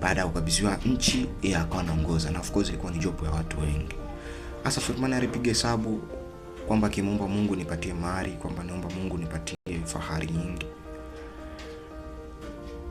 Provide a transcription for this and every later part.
baada ya kukabidhiwa nchi yeye akawa anaongoza, na of course ilikuwa ni jopo ya watu wengi. Hasa Suleiman alipiga hesabu kwamba kimuomba Mungu nipatie mahari kwamba niomba Mungu nipatie fahari nyingi,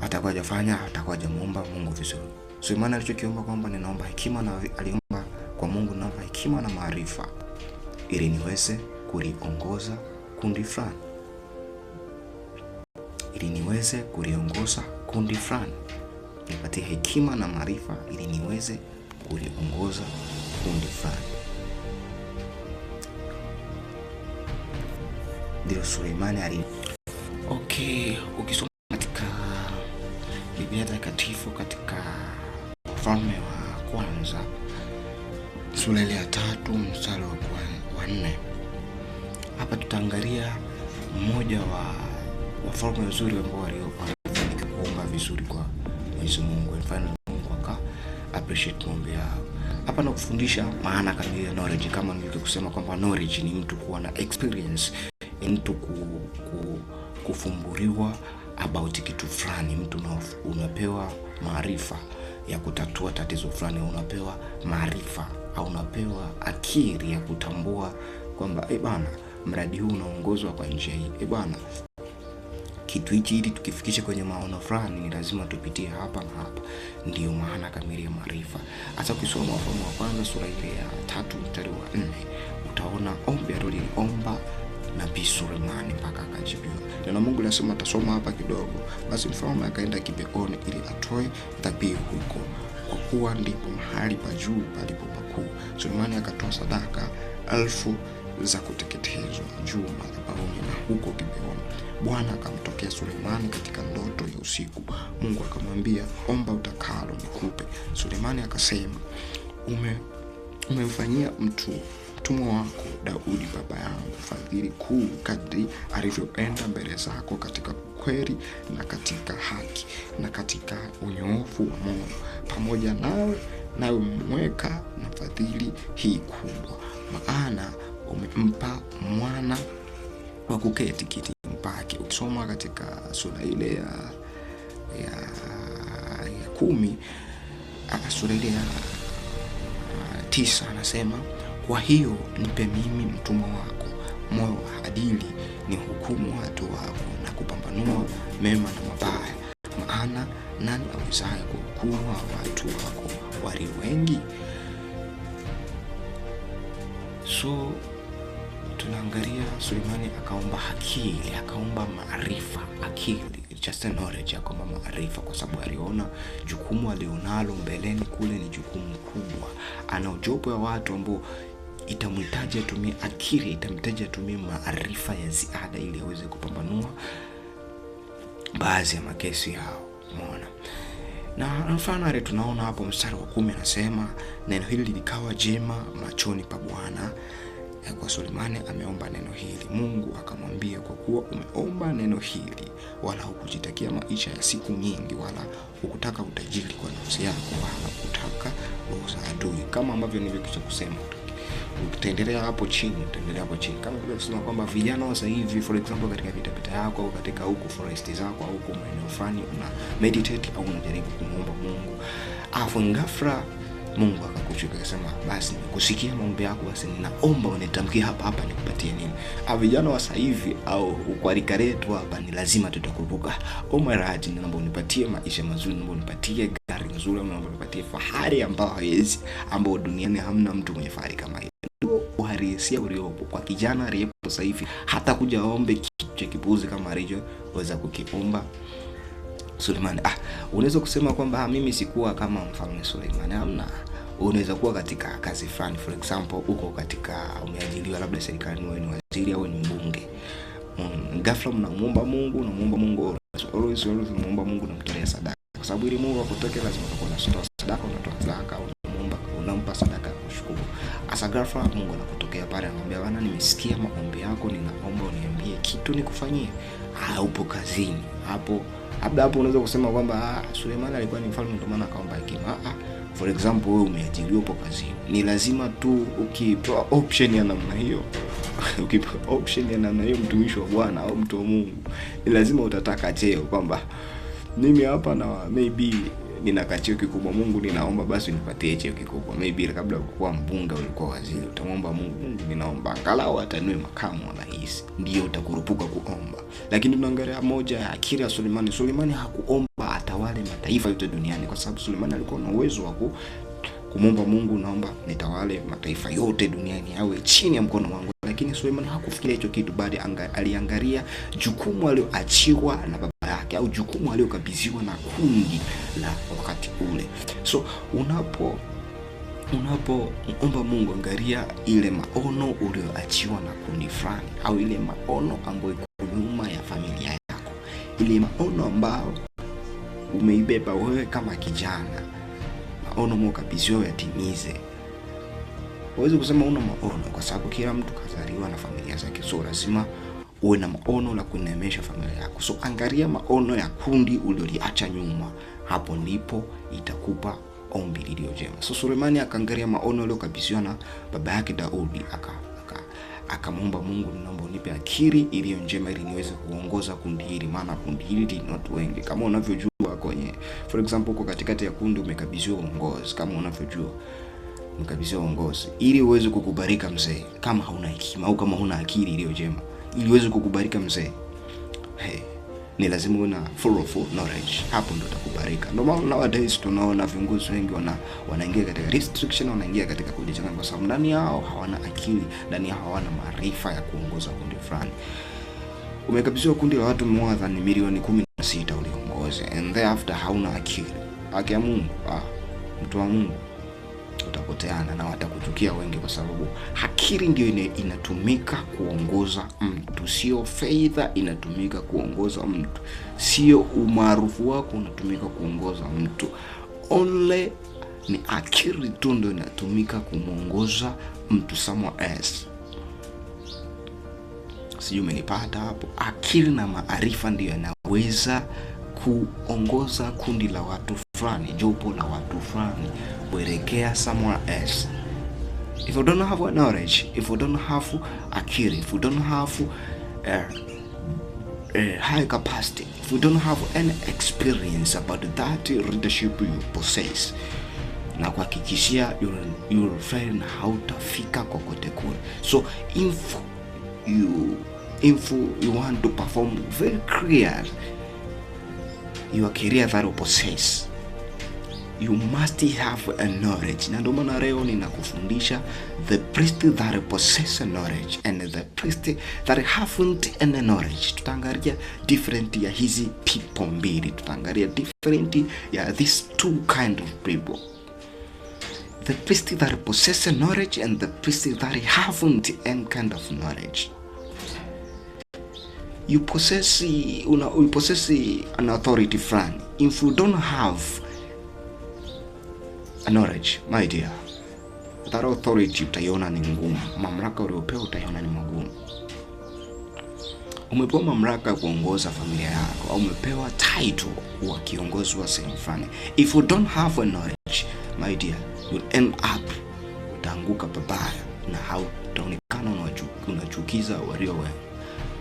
atakuwa hajafanya, atakuwa hajamuomba Mungu vizuri. Suleiman alichokiomba kwamba ninaomba hekima, na aliomba kwa Mungu, naomba hekima na maarifa ili niweze kuliongoza kundi fulani, ili niweze kuliongoza kundi fulani nipate hekima na maarifa ili niweze kuliongoza kundi fulani. Ndio Suleimani ali okay. Ukisoma katika Biblia Takatifu katika Wafalme wa Kwanza sura ya tatu mstari wa nne hapa tutaangalia mmoja wa wafalme wazuri ambao walifanikiwa kuomba vizuri kwa Mwenyezi Mungu mfano Mungu aka appreciate maombi yao. Hapa nakufundisha maana kamili ya knowledge, kama nilivyosema kwamba knowledge ni mtu kuwa na experience, ni mtu ku, ku, about kitu fulani, mtu unapewa maarifa ya kutatua tatizo fulani, unapewa maarifa au unapewa akili ya kutambua kwamba eh, bana mradi huu unaongozwa kwa njia hii, eh bana kitu hichi ili tukifikisha kwenye maono fulani ni lazima tupitie hapa na hapa. ndio maana kamili ya maarifa. Hasa ukisoma Wafalme wa Kwanza sura ile ya tatu mstari wa nne utaona ombi aliloliomba Nabii Sulemani mpaka akajibiwa. Neno Mungu linasema, atasoma hapa kidogo. Basi mfalme akaenda Gibeoni ili atoe dhabihu huko, kwa kuwa ndipo mahali pa juu palipo pakuu. Sulemani akatoa sadaka elfu za kuteketezwa juu madhabahuni na huko Gibeoni Bwana akamtokea Sulemani katika ndoto ya usiku. Mungu akamwambia, omba utakalo nikupe. Sulemani akasema, ume umemfanyia mtu mtumwa wako Daudi baba yangu fadhili kuu kadri alivyoenda mbele zako katika kweli na katika haki na katika unyoofu wa moyo. Pamoja nawe nawe umemweka na fadhili hii kubwa, maana umempa mwana wa kuketi kiti mpake. Ukisoma katika sura ile ya, ya, ya kumi ah, sura ile ya ah, tisa anasema kwa hiyo nipe mimi mtumwa wako moyo wa adili, ni hukumu watu wako na kupambanua mema na mabaya. Maana nani awezaye kuhukumu wa watu wako walio wengi? so tunaangalia Suleimani akaomba akili, akaomba maarifa, akili just knowledge, akaomba maarifa kwa sababu aliona jukumu alionalo mbeleni kule ni jukumu kubwa. Ana jopo ya watu ambao itamhitaji atumie akili, itamhitaji atumie maarifa ya ziada ili aweze kupambanua baadhi ya makesi yao. Umeona? na mfano tunaona hapo mstari wa kumi anasema neno hili likawa jema machoni pa Bwana ya kuwa Sulemani ameomba neno hili. Mungu akamwambia, kwa kuwa umeomba neno hili, wala hukujitakia maisha ya siku nyingi, wala hukutaka utajiri kwa nafsi yako, wala hukutaka wauza adui, kama ambavyo nilivyokisha kusema utaendelea hapo chini, utaendelea hapo chini, kama vile tunasema kwamba vijana wa sasa hivi, for example, katika vita vita yako au katika huko forest zako au huko maeneo fulani, una meditate au unajaribu kumuomba Mungu afu ngafra mungu akakushuka akasema basi nimekusikia maombi yako basi ninaomba unitamkie hapa hapa nikupatie nini ah, vijana wa hivi au kwa rika letu hapa ni lazima tutakumbuka omaraji naomba unipatie maisha mazuri naomba unipatie gari nzuri naomba unipatie fahari ambayo hawezi ambao duniani hamna mtu mwenye fahari kama hiyo uharisia uliopo kwa kijana aliyepo sasa hivi hata kuja ombe kitu cha kipuuzi kama weza kukiomba Suleimani. Ah, unaweza kusema kwamba mimi sikuwa kama mfalme Suleimani. Hamna. Unaweza kuwa katika kazi fulani, for example, uko katika umeajiriwa labda serikalini, wewe ni waziri au ni mbunge. Mm, ghafla mnamuomba Mungu, unamuomba Mungu always, always unamuomba Mungu na mtolea sadaka. Kwa sababu ili Mungu akutokee lazima utakuwa na sadaka, sadaka unatoa zaka, unamuomba, unampa sadaka ya kushukuru. Asa ghafla Mungu anakutokea pale, anamwambia bwana, nimesikia maombi yako, ninaomba uniambie kitu nikufanyie. Haupo ah, kazini hapo labda hapo unaweza kusema kwamba ah, suleimani Suleiman alikuwa ni mfalme ndio maana akaomba hekima. Ah, for example wewe umeajiriwa hapo kazini, ni lazima tu ukipewa option ya namna hiyo ukipewa option ya namna hiyo, mtumishi wa Bwana au mtu wa Mungu, ni lazima utataka cheo kwamba mimi hapa na maybe nina kachio kikubwa, Mungu ninaomba basi unipatie cheo kikubwa. Maybe kabla ulikuwa mbunga ulikuwa waziri, utamwomba Mungu, Mungu ninaomba angalau atanue makamu wa rais, ndio utakurupuka kuomba. Lakini tunaangalia moja ya ya Sulemani. Sulemani hakuomba atawale mataifa yote duniani, kwa sababu Sulemani alikuwa na uwezo wa ku kumwomba Mungu, naomba nitawale mataifa yote duniani, awe chini ya mkono wangu. Lakini Sulemani hakufikiria hicho kitu, bali aliangalia jukumu alioachiwa na baba yake au jukumu aliyokabidhiwa na kundi la wakati ule. So unapo unapoomba Mungu, angalia ile maono ulioachiwa na kundi fulani, au ile maono ambayo iko nyuma ya familia yako, ile maono ambayo umeibeba wewe kama kijana, maono mokabidhiwa yatimize. Huwezi kusema una maono, kwa sababu kila mtu kazaliwa na familia zake, so lazima uwe na maono la kuneemesha familia yako. So angalia maono ya kundi ulioliacha nyuma, hapo ndipo itakupa ombi lilio jema. So Sulemani akaangalia maono aliyokabidhiwa na baba yake Daudi, aka akamwomba Mungu, ninaomba unipe akili iliyo njema ili niweze kuongoza kundi hili, maana kundi hili lina watu wengi kama unavyojua. Kwenye for example, uko katikati ya kundi umekabidhiwa uongozi, kama unavyojua umekabidhiwa uongozi ili uweze kukubarika mzee, kama hauna hekima au kama huna akili iliyo njema ili uweze kukubarika mzee hey, ni lazima una full of knowledge, hapo ndo utakubarika. Ndio maana nowadays tunaona viongozi wengi wana wanaingia katika restriction, wanaingia katika kujichanganya, kwa sababu ndani yao hawana akili, ndani yao hawana maarifa ya kuongoza kundi fulani. Umekabidhiwa kundi la watu mwadha ni milioni 16 uliongoze, and thereafter hauna akili. Haki ya Mungu, ah, mtu wa Mungu utapoteana na watakuchukia wengi, kwa sababu akili ndio inatumika kuongoza mtu, sio fedha inatumika kuongoza mtu, sio umaarufu wako unatumika kuongoza mtu. Only ni akili tu ndio inatumika kumwongoza mtu somewhere else. Sijui umenipata hapo. Akili na maarifa ndiyo yanaweza kuongoza kundi la watu fulani, jopo la watu fulani kuelekea somewhere else. If you don't have knowledge, if you don't have akili, if you don't have uh, uh, high capacity, if you don't have any experience about that leadership you possess, na kuhakikishia you'll, you'll fail na hautafika kokote kule. So if you, if you want to perform very clear your career that you possess you must have a knowledge na ndio maana leo ninakufundisha the priest that possess a knowledge and the priest that haven't any knowledge tutaangalia different ya hizi people mbili tutaangalia different ya these two kind of people the priest that possess a knowledge and the priest that haven't any kind of knowledge you possess, una, you possess an authority friend if you don't have Noraj, my dear, that authority utaiona ni ngumu, mamlaka uliopewa utaiona ni magumu. Umepewa mamlaka ya kuongoza familia yako au umepewa title wa kiongozi wa sehemu fulani. If you don't have a knowledge, my dear, you'll end up, utaanguka pabaya na hautaonekana unachukiza walio wengi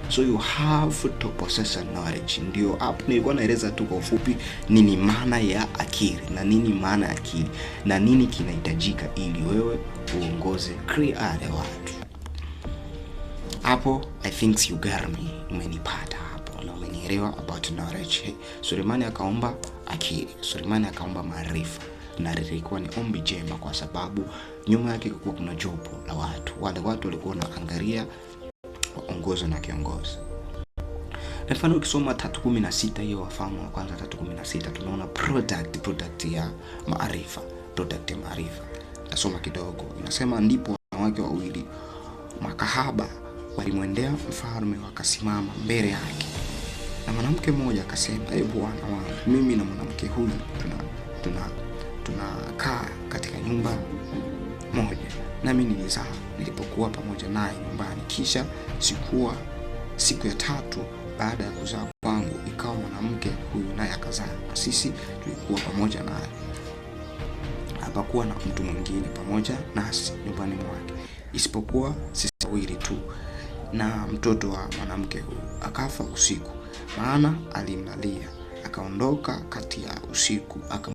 so you have to possess a knowledge. Ndio hapo nilikuwa naeleza tu kwa ufupi nini maana ya akili na nini maana ya akili na nini kinahitajika ili wewe uongoze clear watu. Hapo I think you got me, umenipata hapo na umenielewa about knowledge. Sulemani akaomba akili, Sulemani akaomba maarifa na lilikuwa ni ombi jema, kwa sababu nyuma yake kulikuwa kuna jopo la watu. Wale watu walikuwa wanaangalia anaongozwa na kiongozi. mfano ukisoma tatu kumi na sita hiyo Wafalme wa kwanza tatu kumi na sita tunaona product product ya maarifa, product ya maarifa. Tasoma kidogo, inasema ndipo wanawake wawili makahaba walimwendea mfalme wakasimama mbele yake, na mwanamke mmoja akasema, ee Bwana wangu, mimi na mwanamke huyu tunakaa tuna, tuna, tuna katika nyumba moja, nami nilizaa nilipokuwa pamoja naye nyumbani. Kisha sikuwa siku ya tatu baada ya kuzaa kwangu, ikawa mwanamke huyu naye akazaa, na sisi tulikuwa pamoja naye. Hapakuwa na mtu mwingine pamoja nasi nyumbani mwake isipokuwa sisi wawili tu na mtoto wa mwanamke huyu. Akafa usiku, maana alimlalia. Akaondoka kati ya usiku aka